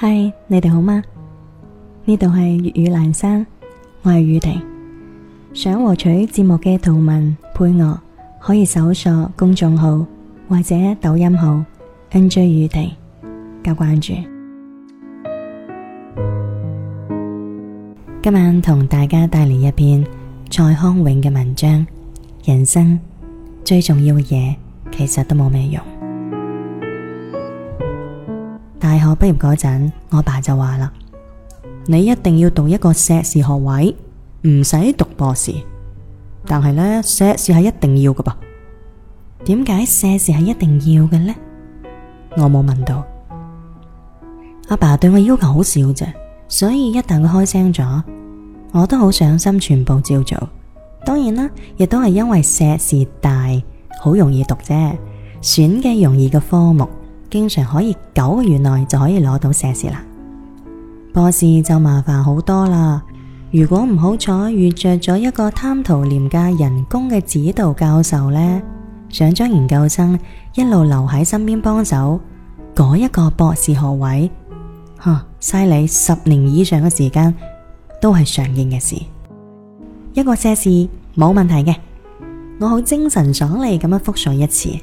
嗨，Hi, 你哋好嗎？呢度係粵語蘭山，我係宇婷。想獲取節目嘅圖文配樂，可以搜索公眾號或者抖音號 NJ 宇婷加關注。今晚同大家帶嚟一篇蔡康永嘅文章，人生最重要嘅嘢其實都冇咩用。大學畢業嗰陣，我爸就話啦：你一定要讀一個碩士學位，唔使讀博士。但係咧，碩士係一定要噶噃。點解碩士係一定要嘅呢？我冇問到。阿爸對我要求好少啫，所以一旦佢開聲咗，我都好上心，全部照做。當然啦，亦都係因為碩士大，好容易讀啫，選嘅容易嘅科目。經常可以九個月內就可以攞到碩士啦，博士就麻煩好多啦。如果唔好彩遇着咗一個貪圖廉價人工嘅指導教授呢，想將研究生一路留喺身邊幫手，嗰一個博士學位，吓嘥你十年以上嘅時間，都係常見嘅事。一個碩士冇問題嘅，我好精神爽利咁樣復述一次。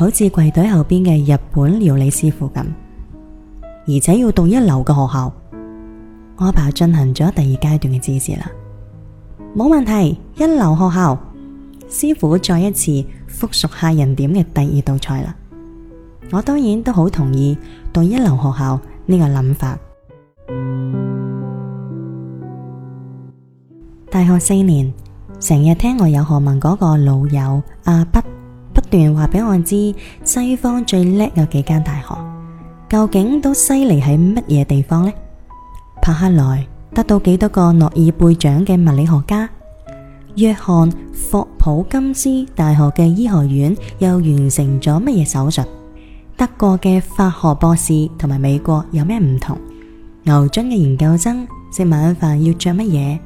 好似櫃檯後邊嘅日本料理師傅咁，而且要讀一流嘅學校，我阿爸進行咗第二階段嘅指示啦。冇問題，一流學校，師傅再一次複誦客人點嘅第二道菜啦。我當然都好同意讀一流學校呢個諗法。大學四年，成日聽我有學問嗰個老友阿筆。啊北不斷話俾我知，西方最叻有幾間大學究竟都犀利喺乜嘢地方呢？柏克萊得到幾多個諾貝爾獎嘅物理學家，約翰霍普金斯大學嘅醫學院又完成咗乜嘢手術？德國嘅法學博士同埋美國有咩唔同？牛津嘅研究生食晚飯要着乜嘢？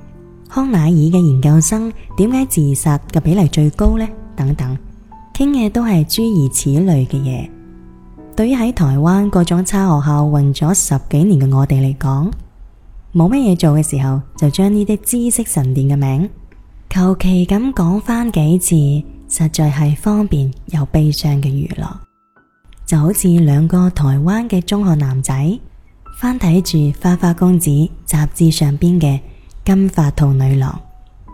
康乃爾嘅研究生點解自殺嘅比例最高呢？等等。傾嘅都係諸如此類嘅嘢。對於喺台灣各種差學校混咗十幾年嘅我哋嚟講，冇乜嘢做嘅時候，就將呢啲知識神殿嘅名，求其咁講翻幾次，實在係方便又悲傷嘅娛樂。就好似兩個台灣嘅中學男仔，翻睇住花花公子雜誌上邊嘅金髮兔女郎，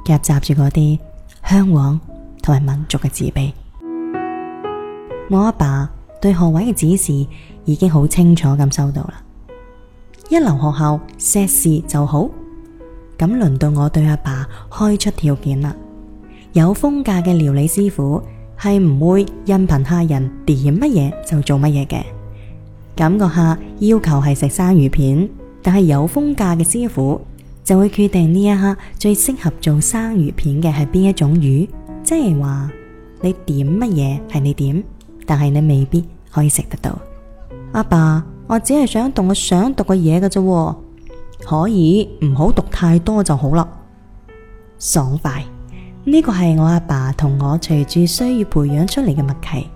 夾雜住嗰啲向往同埋民族嘅自卑。我阿爸，爸對學位嘅指示已經好清楚咁收到啦。一流學校碩士就好，咁輪到我對阿爸，爸開出條件啦。有風格嘅料理師傅係唔會因憑客人點乜嘢就做乜嘢嘅。感覺下要求係食生魚片，但係有風格嘅師傅就會決定呢一刻最適合做生魚片嘅係邊一種魚，即係話你點乜嘢係你點。但係你未必可以食得到，阿爸，爸，我只係想讀我想讀嘅嘢嘅啫，可以唔好讀太多就好啦。爽快，呢、這個係我阿爸同我隨住需要培養出嚟嘅默契，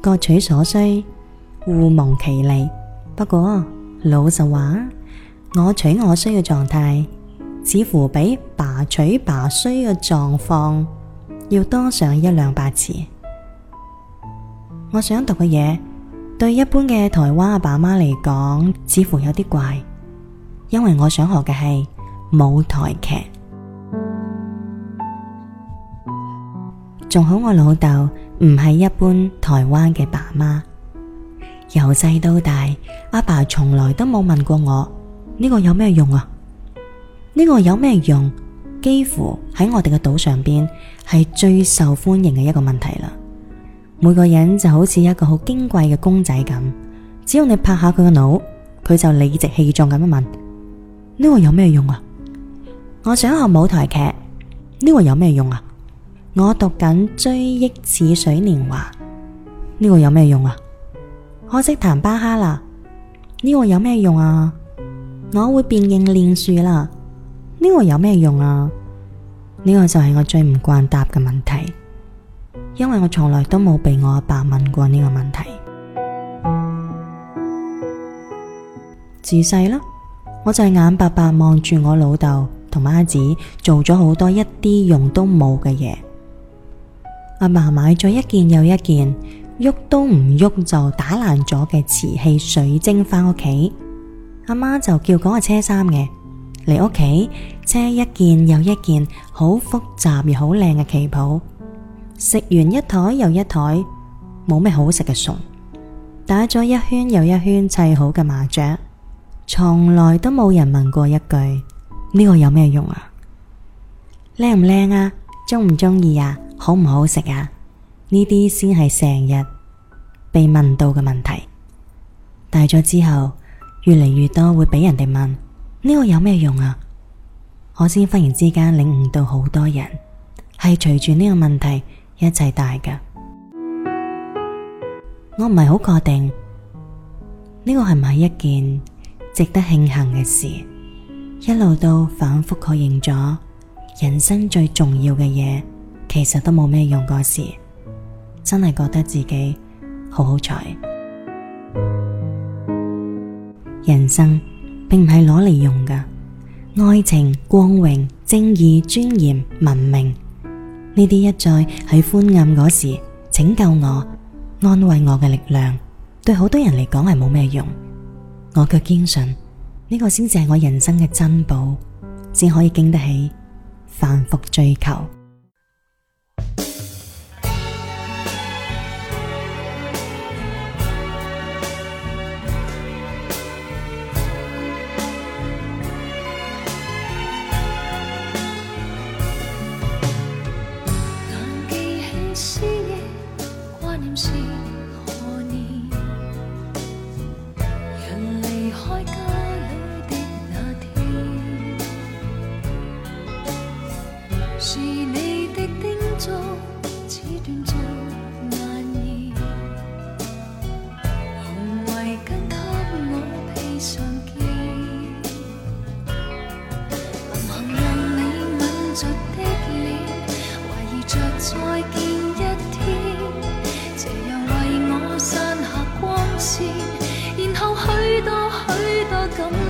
各取所需，互蒙其利。不過老實話，我取我需嘅狀態，似乎比爸取爸需嘅狀況要多上一兩百次。我想讀嘅嘢，對一般嘅台灣阿爸媽嚟講，似乎有啲怪，因為我想學嘅係舞台劇。仲好，我老豆唔係一般台灣嘅爸媽，由細到大，阿爸從來都冇問過我呢個有咩用啊？呢個有咩用？幾乎喺我哋嘅島上邊係最受歡迎嘅一個問題啦。每個人就好似一個好矜貴嘅公仔咁，只要你拍下佢個腦，佢就理直氣壯咁樣問：呢個有咩用啊？我想學舞台劇，呢個有咩用啊？我讀緊追憶似水年華，呢個有咩用啊？我識彈巴哈啦，呢個有咩用啊？我會變音練樹啦，呢個有咩用啊？呢個就係我最唔慣答嘅問題。因為我從來都冇被我阿爸問過呢個問題，自細啦，我就眼白白望住我老豆同媽子做咗好多一啲用都冇嘅嘢，阿媽，媽買咗一件又一件，喐都唔喐就打爛咗嘅瓷器水晶翻屋企，阿媽，媽就叫嗰個車衫嘅嚟屋企車一件又一件好複雜又好靚嘅旗袍。食完一台又一台，冇咩好食嘅餸；打咗一圈又一圈砌好嘅麻雀，從來都冇人問過一句：呢個有咩用啊？靚唔靚啊？中唔中意啊？好唔好食啊？呢啲先係成日被問到嘅問題。大咗之後，越嚟越多會俾人哋問：呢個有咩用啊？我先忽然之間領悟到，好多人係隨住呢個問題。一切大噶，我唔係好確定呢個係唔係一件值得慶幸嘅事。一路都反覆確認咗，人生最重要嘅嘢其實都冇咩用過時，真係覺得自己好好彩。人生並唔係攞嚟用噶。愛情、光榮、正義、尊嚴、文明。呢啲一再喺昏暗嗰時拯救我、安慰我嘅力量，對好多人嚟講係冇咩用，我卻堅信呢個先至係我人生嘅珍寶，先可以經得起反覆追求。是你的叮囑，此段續難言。紅圍巾給我披上肩，臨行。讓你吻着的臉，懷疑着再見一天。斜陽為我散下光線，然後許多許多感。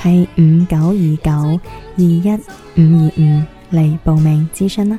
係五九二九二一五二五嚟報名諮詢啦。